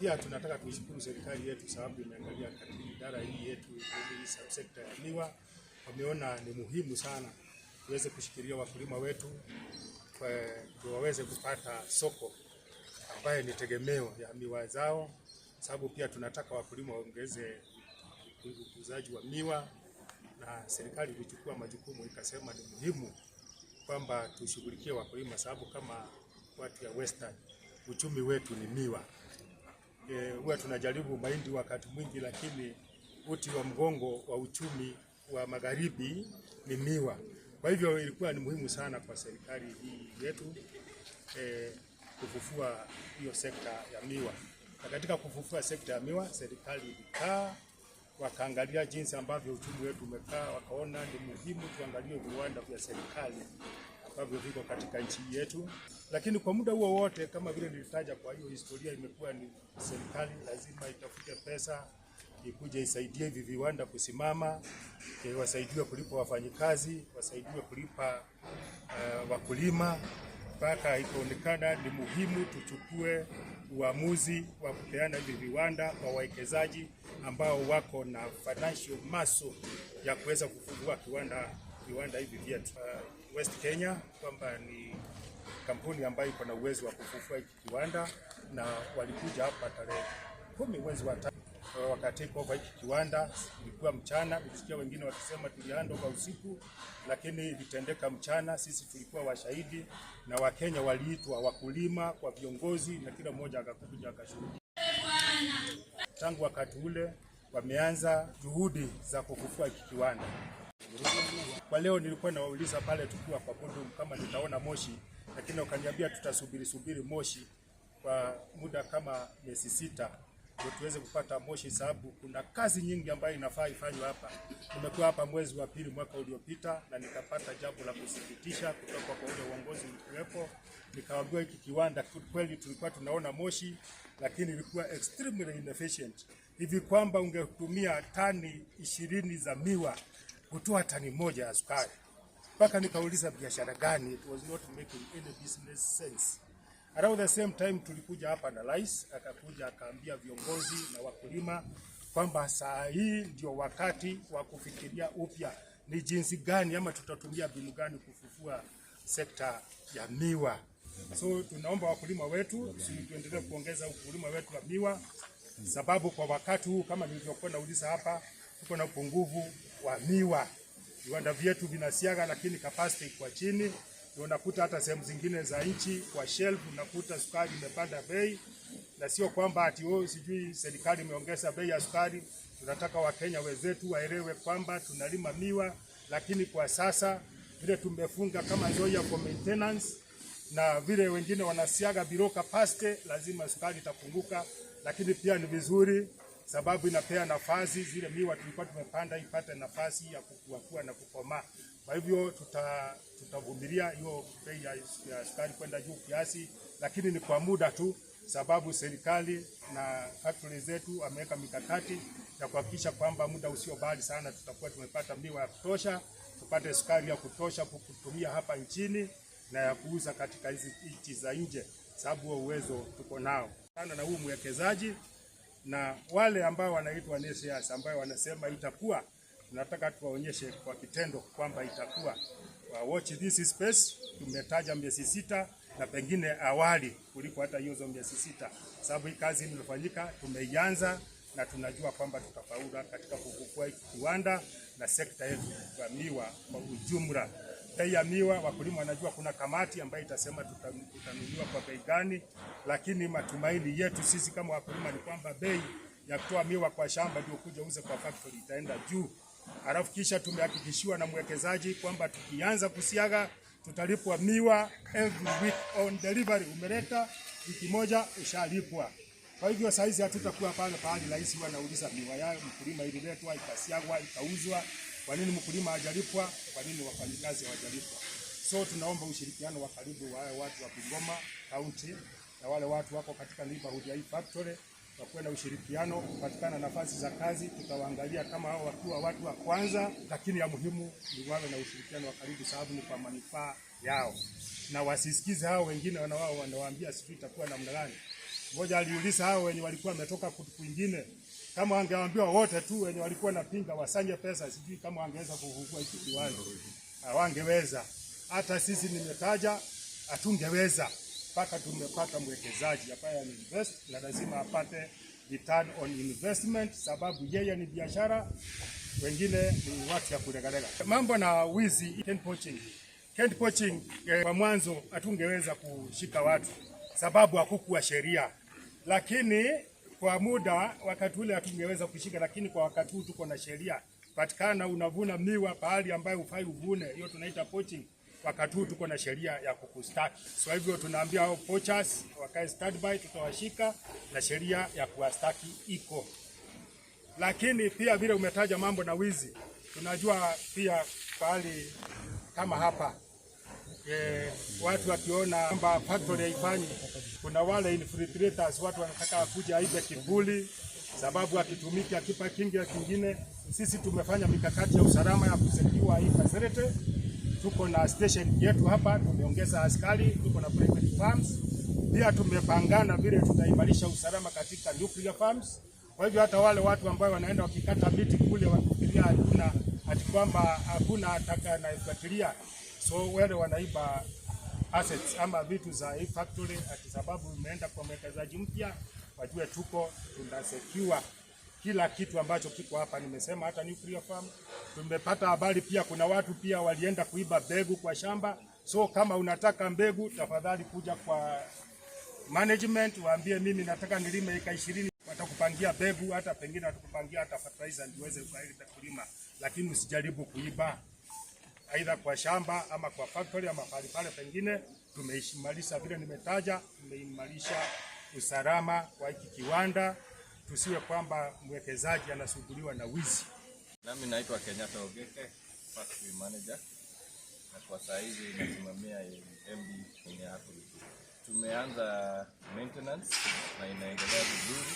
pia tunataka kuishukuru serikali yetu sababu imeangalia katika idara hii yetu, hii sekta ya miwa, wameona ni muhimu sana tuweze kushikilia wakulima wetu waweze kupata soko ambaye ni tegemeo ya miwa zao, sababu pia tunataka wakulima waongeze ukuzaji wa miwa, na serikali ilichukua majukumu ikasema ni muhimu kwamba tushughulikie wakulima, sababu kama watu ya Western uchumi wetu ni miwa. Eh, huwa e, tunajaribu mahindi wakati mwingi, lakini uti wa mgongo wa uchumi wa magharibi ni miwa. Kwa hivyo ilikuwa ni muhimu sana kwa serikali hii yetu e, kufufua hiyo sekta ya miwa, na katika kufufua sekta ya miwa serikali ilikaa wakaangalia jinsi ambavyo uchumi wetu umekaa, wakaona ni muhimu tuangalie viwanda vya serikali ambavyo viko katika nchi yetu lakini kwa muda huo wote, kama vile nilitaja, kwa hiyo historia imekuwa ni serikali lazima itafute pesa ikuja isaidie hivi viwanda kusimama, eh, wasaidiwe kulipa wafanyikazi, wasaidiwe kulipa uh, wakulima, mpaka ikaonekana ni muhimu tuchukue uamuzi wa kupeana hivi viwanda kwa wawekezaji ambao wako na financial muscle ya kuweza kufungua kiwanda viwanda hivi vyetu uh, West Kenya kwamba ni kampuni ambayo iko na uwezo wa kufufua hiki kiwanda, na walikuja hapa tarehe kumi mwezi wa tatu. Eh, wakati kwa hiki kiwanda ilikuwa mchana, nilisikia wengine wakisema tuliando kwa usiku, lakini ilitendeka mchana. Sisi tulikuwa washahidi na Wakenya waliitwa, wakulima kwa viongozi, na kila mmoja akakuja akashuhudia. Tangu wakati ule wameanza juhudi za kufufua hiki kiwanda. Kwa leo nilikuwa nawauliza pale tukiwa kwa Bundung kama nitaona moshi, lakini ukaniambia tutasubiri subiri moshi kwa muda kama miezi sita ndio tuweze kupata moshi, sababu kuna kazi nyingi ambayo inafaa ifanywe hapa. Nimekuwa hapa mwezi wa pili mwaka uliopita, na nikapata jambo la kusikitisha kutoka kwa ule uongozi ulikuwepo. Nikawaambia hiki kiwanda kweli tulikuwa tunaona moshi, lakini ilikuwa extremely inefficient, hivi kwamba ungetumia tani ishirini za miwa kutoa tani moja ya sukari, mpaka nikauliza biashara gani, it was not making any business sense. Around the same time tulikuja hapa na rais akakuja akaambia viongozi na wakulima kwamba saa hii ndio wakati wa kufikiria upya ni jinsi gani ama tutatumia mbinu gani kufufua sekta ya miwa. So tunaomba wakulima wetu tuendelee kuongeza ukulima wetu wa miwa, sababu kwa wakati huu kama nilivyokuwa nauliza hapa, tuko na upungufu wa miwa. Viwanda vyetu vinasiaga, lakini capacity kwa chini. Unakuta hata sehemu zingine za nchi kwa shelf unakuta sukari imepanda bei, na sio kwamba ati oh, sijui serikali imeongeza bei ya sukari. Tunataka Wakenya wenzetu waelewe kwamba tunalima miwa, lakini kwa sasa vile tumefunga kama Nzoia for maintenance na vile wengine wanasiaga biroka paste, lazima sukari itapunguka, lakini pia ni vizuri sababu inapea nafasi zile miwa tulikuwa tumepanda ipate nafasi ya kukua na kukomaa. Kwa hivyo tutavumilia tuta hiyo bei ya sukari kwenda juu kiasi, lakini ni kwa muda tu, sababu serikali na factory zetu wameweka mikakati ya kuhakikisha kwamba muda usio bali sana tutakuwa tumepata miwa ya kutosha, tupate sukari ya kutosha kutumia hapa nchini na ya kuuza katika hizi nchi za nje, sababu huo uwezo tuko nao sana na huu mwekezaji na wale ambao wanaitwa naysayers ambao wanasema itakuwa, tunataka tuwaonyeshe kwa kitendo kwamba itakuwa. Uh, watch this space. Tumetaja miezi sita na pengine awali kuliko hata hizo miezi sita, sababu hii kazi imefanyika, tumeianza na tunajua kwamba tutafaula katika kukua kiwanda na sekta yetu ya miwa kwa ujumla bei ya miwa, wakulima wanajua kuna kamati ambayo itasema tutanunua kwa bei gani, lakini matumaini yetu sisi kama wakulima ni kwamba bei ya kutoa miwa kwa shamba ndio kuja uze kwa factory itaenda juu, alafu kisha tumehakikishiwa na mwekezaji kwamba tukianza kusiaga tutalipwa miwa every week on delivery. Umeleta wiki moja ushalipwa. Kwa hivyo saizi hatutakuwa pale pahali rais wanauliza miwa yao mkulima ililetwa, ikasiagwa, ikauzwa kwa nini mkulima hajalipwa? Kwa nini wafanyikazi hawajalipwa? So tunaomba ushirikiano wa karibu wa watu wa Bungoma County na wale watu wako katika neighborhood hii factory wakuwe na ushirikiano kupatikana nafasi za kazi. Tutawaangalia kama hao wakiwa watu wa kwanza, lakini ya muhimu ni wawe na ushirikiano wa karibu, sababu ni kwa manufaa yao, na wasisikize hao wengine wanawao wanawaambia sijui itakuwa namna gani. Mmoja aliuliza hao wenye walikuwa wametoka kwingine kama wangeambiwa wote tu wenye walikuwa napinga wasanye pesa, sijui kama wangeweza kufungua hicho kiwanja, ah, hawangeweza. Hata sisi nimetaja, hatungeweza mpaka tumepata mwekezaji ambaye anainvest na lazima apate return on investment, sababu yeye ni biashara, wengine ni watu ya kulegalega. Mambo na wizi hand poaching, hand poaching eh, kwa mwanzo hatungeweza kushika watu sababu hakukuwa sheria, lakini kwa muda wakati ule hatungeweza kushika, lakini kwa wakati huu tuko na sheria patikana, unavuna miwa pahali ambayo ufai uvune, hiyo tunaita poaching. Wakati huu tuko na sheria ya kukustaki, so hivyo tunaambia hao poachers wakae standby, tutawashika na sheria ya kuwastaki iko. Lakini pia vile umetaja mambo na wizi, tunajua pia pahali kama hapa e, watu wakiona kwamba factory haifanyi kuna wale infiltrators, watu wanataka akuja aibe kivuli, sababu akitumiki akipa kingi ya kingine. Sisi tumefanya mikakati ya usalama ya kusekiwa hii facility. Tuko na station yetu hapa, tumeongeza askari, tuko na private farms pia, tumepangana vile tutaimarisha usalama katika nuclear farms. Kwa hivyo hata wale watu ambao wanaenda wakikata miti kule wakifikiria hakuna ati kwamba hakuna taka na so wale wanaiba assets ama vitu za hii factory, ati sababu imeenda kwa mwekezaji mpya, wajue tuko tuna secure kila kitu ambacho kiko hapa. Nimesema hata nuclear farm tumepata habari pia, kuna watu pia walienda kuiba mbegu kwa shamba. So kama unataka mbegu, tafadhali kuja kwa management, waambie mimi nataka nilime eka ishirini, watakupangia mbegu, hata pengine watakupangia hata fertilizer, ndio uweze kulima, lakini usijaribu kuiba aidha kwa shamba ama kwa factory ama pale pale pengine. Tumeishimalisha vile nimetaja, tumeimarisha usalama wa hiki kiwanda, tusiwe kwamba mwekezaji anasuguliwa na wizi. Nami naitwa Kenyatta Ogeke, factory manager, na kwa saa hizi nasimamia MB kwenye hapo. Tumeanza maintenance na inaendelea vizuri,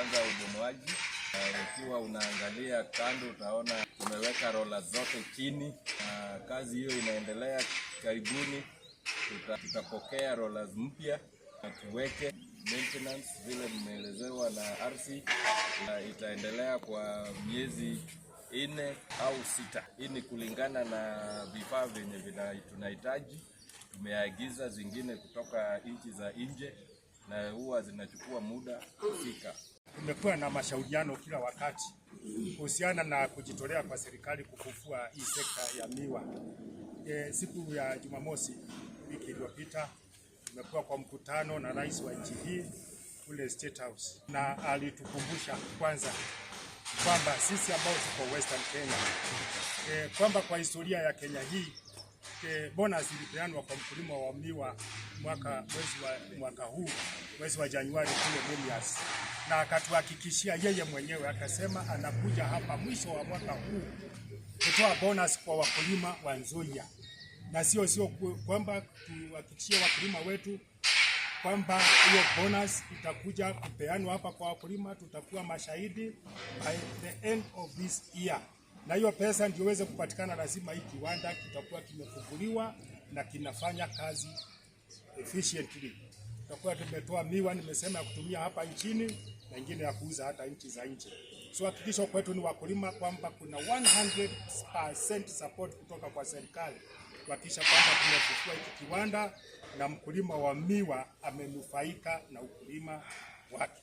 anza ubomoaji, na ukiwa unaangalia kando utaona tumeweka rola zote chini na kazi hiyo inaendelea. Karibuni tutapokea rola mpya na tuweke maintenance vile mmeelezewa na RC, na itaendelea kwa miezi nne au sita. Hii ni kulingana na vifaa vyenye tunahitaji. Tumeagiza zingine kutoka nchi za nje na huwa zinachukua muda kufika. Tumekuwa na mashauriano kila wakati kuhusiana na kujitolea kwa serikali kufufua hii sekta ya miwa. E, siku ya Jumamosi wiki iliyopita tumekuwa kwa mkutano na rais wa nchi hii kule State House, na alitukumbusha kwanza kwamba sisi ambao tuko Western Kenya e, kwamba kwa historia ya Kenya hii e, eh, bonus ilipeanwa kwa mkulima wa miwa mwaka mwezi wa mwaka huu mwezi wa Januari kule Mumias, na akatuhakikishia yeye mwenyewe akasema anakuja hapa mwisho wa mwaka huu kutoa bonus kwa wakulima wa Nzoia, na sio sio kwamba tuhakikishie wakulima wetu kwamba hiyo bonus itakuja kupeanwa hapa kwa wakulima. Tutakuwa mashahidi by the end of this year na hiyo pesa ndio iweze kupatikana, lazima hii kiwanda kitakuwa kimefunguliwa na kinafanya kazi efficiently. Tutakuwa tumetoa miwa, nimesema ya kutumia hapa nchini na nyingine ya kuuza hata nchi za nje. So hakikisho kwetu ni wakulima kwamba kuna 100% support kutoka kwa serikali kuhakikisha kwamba tumefufua hiki kiwanda na mkulima wa miwa amenufaika na ukulima wake.